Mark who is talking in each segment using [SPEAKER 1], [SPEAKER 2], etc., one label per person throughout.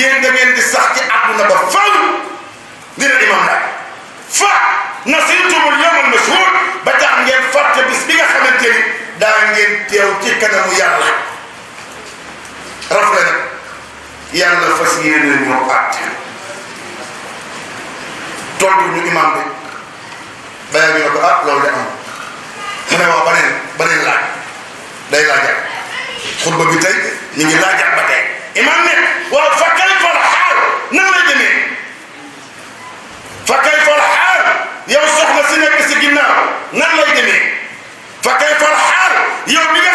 [SPEAKER 1] yéen da ngeen di sax ci àdduna ba faw dina imam laaj fa nasiitumul yawmal mashhuud ba tax ngeen fàtte bis bi nga xamante ni daa ngeen teew ci kanamu yàlla rafet nag yàlla fas yéene ñoo àtte tontu ñu imam bi bàyyi ñu ne ko ah loolu de am mu ne waaw baneen baneen laaj day laajaat bi tey ngi laajaat ba tey ginnaaw nan lay demee fa kayfa al xaal yow mi nga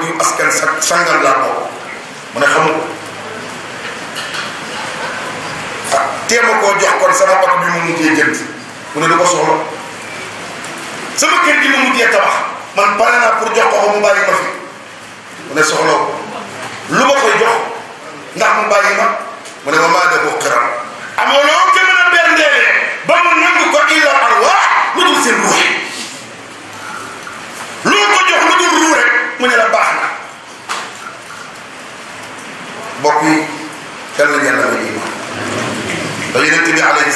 [SPEAKER 1] diw askan sa sangam laa bokk mu ne xamu ko ah téem a koo jox kon sama oto bi mu mujjee jënd mu ne du ko soxla sama kër gi mu mujjee tabax man pare naa pour jox ko mu bàyyi ma fi mu soxla ko lu ma jox ndax mu bàyyi ma mu ne ma maa defoo xiram amoo loo gën a bendeele ba mu nangu ko illa arwaax lu dul seen ruux yàlla nañu yàlla may iman ba yonent bi alayhi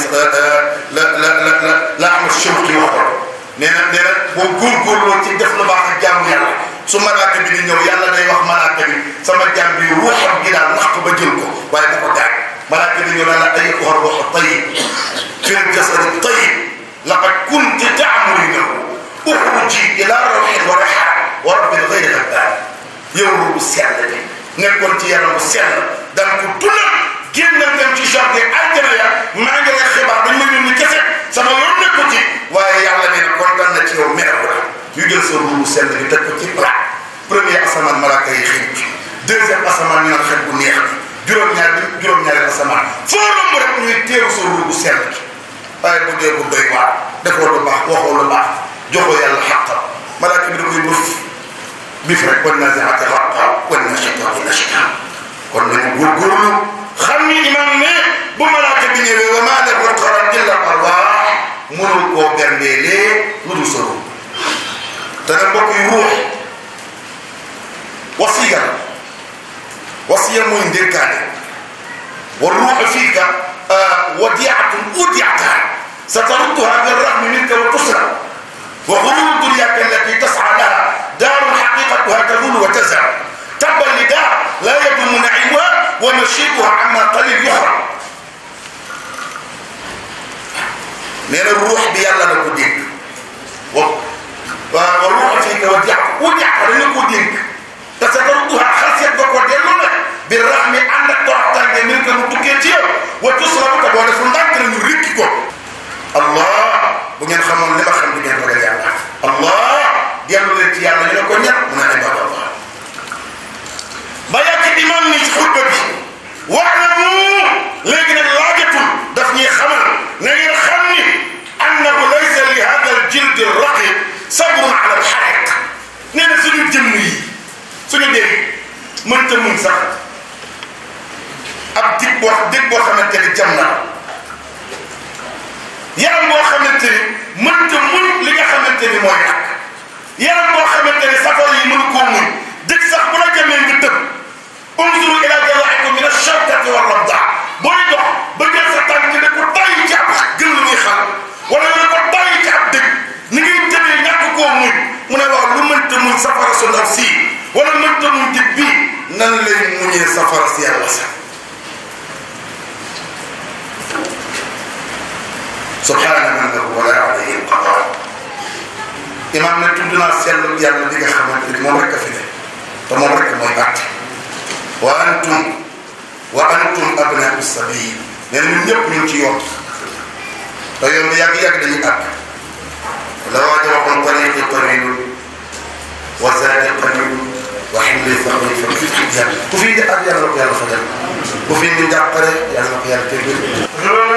[SPEAKER 1] la la la la la am chum ki waxoon nee na nee na boo góorgóorloo ci def lu baax ak jaamu yàlla su malaaka bi di ñëw yàlla day wax malaaka bi sama jaam bi ruuxam gi daal nax ko ba jël ko waaye dafa gaañ malaaka bi ñëw daal ay ruux ruux tayib fil jasadi tayib laqad kunti ta'murinahu uxruji ila rawhin wa rihaan wa rabbin ghayri ghaddaab yow ruuxu sell bi nekkoon ci yàlla mu sell daan ko dundal génnal dem ci jardin aljana ya maa ngi lay xibaar dañ ma yónni kese sama yoon nekku ci waaye yàlla nee na kontaan na ci yow meral ko ñu jël sa ruubu sell bi teg ko ci plat premier asamaan malaaka yi xëy deuxième asamaan ñu naan xet bu neex bi juróom-ñaar bi juróom-ñaari asamaan foo romb rek ñuy teeru sa ruubu sell bi waaye bu dee bu doy waar defoo lu baax waxoo lu baax joxoo yàlla xàqam malaaka bi da koy bëf bif rek wan naziaati xaqa wan nachitaa wan nachitaa kon nañu góorgóorlu xam ni imam ne bu malaaka bi ñëwee ba maa def ko toral illa Allah mënul koo gàndeelee lu dul solo te nag mbokk yi ruux wasiya wasiya mooy ndénkaane wa ruuxu fiika euh, wadiatun udiataha satarudduha bi rahmi minka wa tusra wa xurub dunyaka allati tasa laha daaru xaqiqatuha tadulu wa tazhar tabban li daar laa yadumu naimuha وما شبه عما قليل يحرم nee na ruux bi yàlla na ko dégg wa wa ruux fii ka wadi'tu boo xamante ni jam na yaram boo xamante ni mënta mun li nga xamante ni mooy ak yaram boo xamante ni safar yi mënu koo mun dëgg sax bu la jamee nga tëb unzuru ila jawaa'ikum min ash-shawkati war-radaa booy dox ba jël sa tànk ne ko ngëm yàlla li nga xamante ni moom rek a fi ne te moom rek mooy àtte wa antum wa antum abnaau sabil nee na ñun ñëpp ñu ci yoon te yoon bi yàgg-yàgg dañuy àtt la waaj a waxoon tariqi qalilun wa zaadi qalilun wa ximli faqir fa fi yàlla ku fi indi ak yàlla ko yàlla fajal ku fi indi njàqare yàlla ko yàlla tegal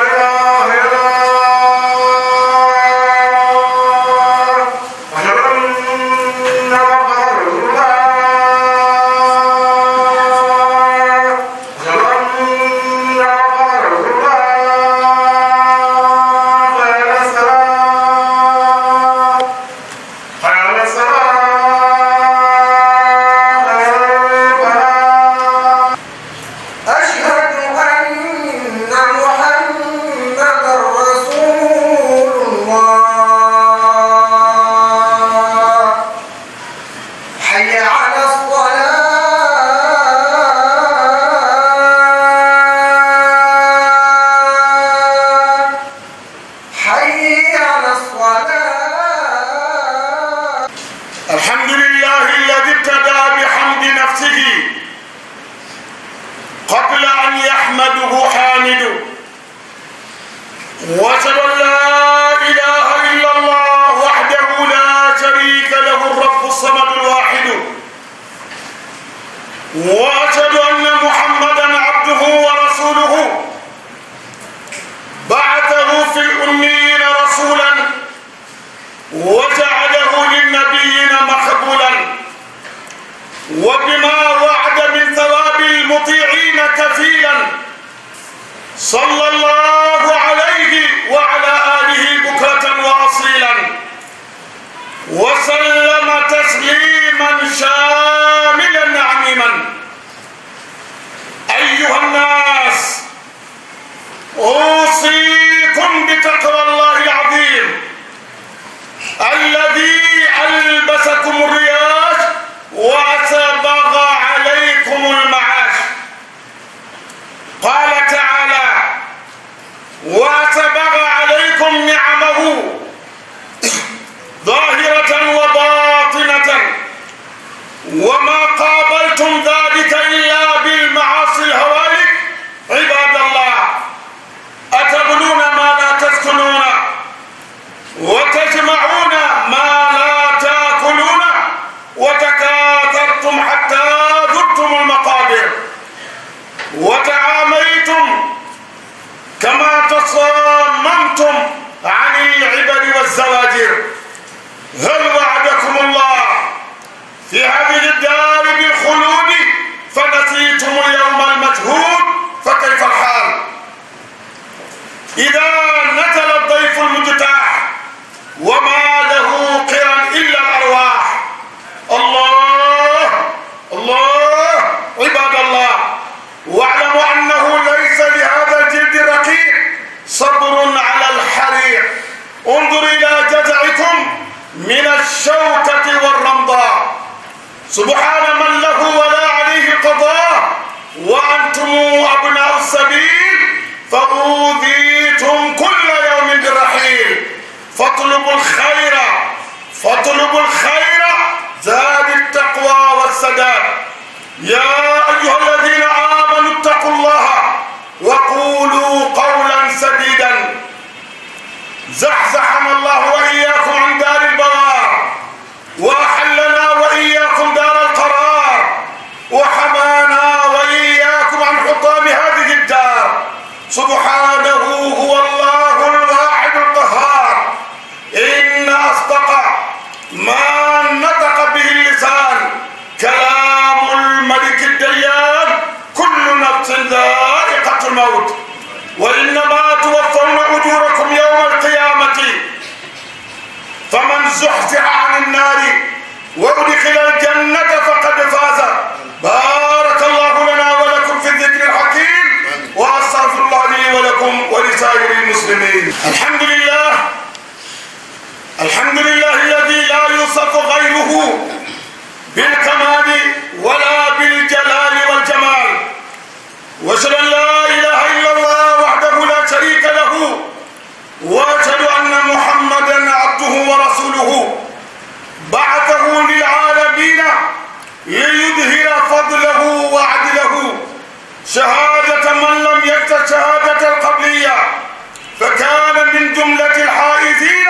[SPEAKER 1] sallallahu wa udxila aljannata faqad faaza baaraka allahu lana wa lakum fi dikri alhakim wa astagfirullah li wa lakum wa li saa'iri almuslimin alhamdulillah alhamdulillah alladi la yusafu gayruhu بالكمال ولا بالجلال والجمال واشهد ان لا اله الا الله وحده لا شريك له واشهد ان محمدا عبده ورسوله بعث رحمته للعالمين ليظهر فضله وعدله شهادة من لم يكتب شهادة القبلية فكان من جملة الحائزين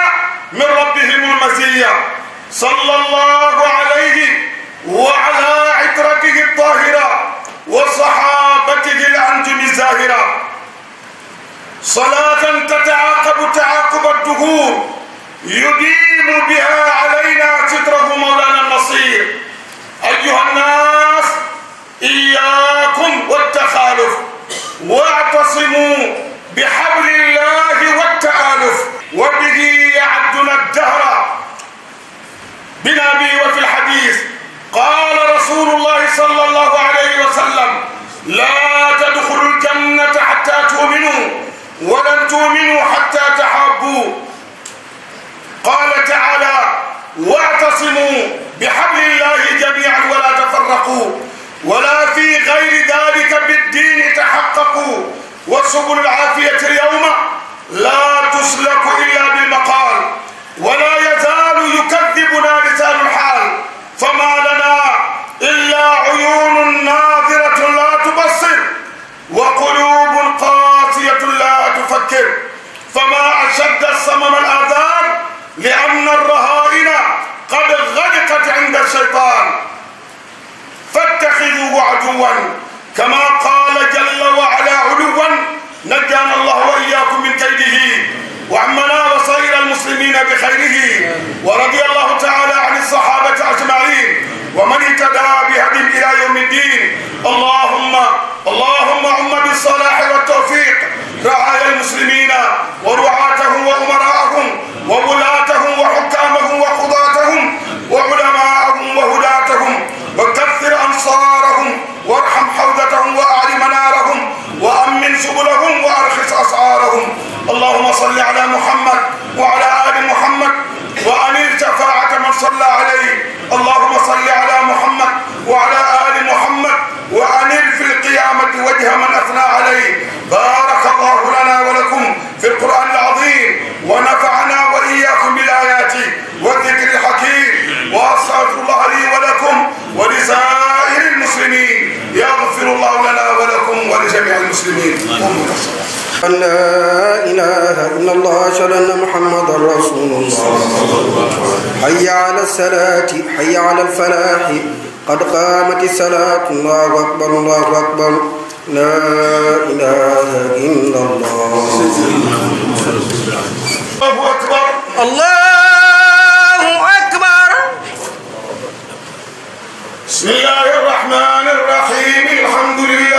[SPEAKER 1] من ربهم المزية صلى الله عليه وعلى عترته الطاهرة وصحابته الأنجم الزاهرة صلاة تتعاقب تعاقب الدهور يديم بها علينا ستره مولانا النصير أيها الناس إياكم والتخالف واعتصموا بحبل الله والتآلف وبه يعدنا الدهر بنبي وفي الحديث قال رسول الله صلى الله عليه وسلم لا واعتصموا بحبل الله جميعا ولا تفرقوا ولا في غير ذلك بالدين تحققوا وسبل العافية اليوم لا تسلك إلا بالمقال ولا يزال يكذبنا لسان الحال فما لنا إلا عيون ناظرة لا تبصر وقلوب قاسية لا تفكر فما أشد الصمم الآذان لأن الرهب الشيطان فاتخذوه عدوا كما قال جل وعلا علوا نجانا الله واياكم من كيده وعمنا وصير المسلمين بخيره ورضي الله تعالى عن الصحابه اجمعين إله إلا الله أشهد أن محمدا رسول الله حي على الصلاة حي على الفلاح قد قامت الصلاة الله أكبر الله أكبر لا إله إلا الله الله أكبر الله أكبر بسم الله الرحمن الرحيم الحمد لله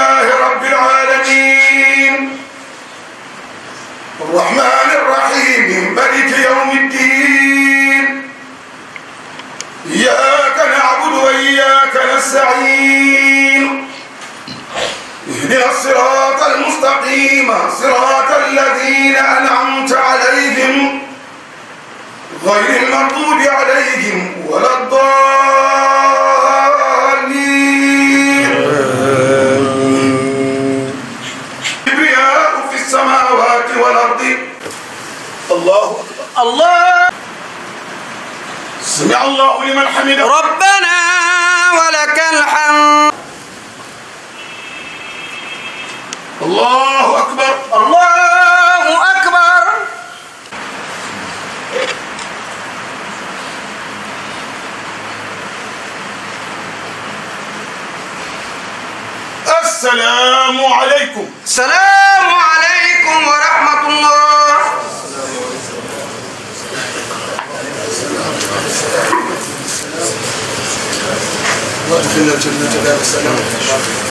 [SPEAKER 1] الرحيم صراط الذين أنعمت عليهم غير المغضوب عليهم ولا الضالين كبرياء في السماوات والأرض الله الله سمع الله لمن حمده ربنا ولك الحمد
[SPEAKER 2] allahu akbar
[SPEAKER 1] allahu akbar assalaamu aleykum salaamu aleykum wa rahmatullah وادخلنا الجنة دار السلام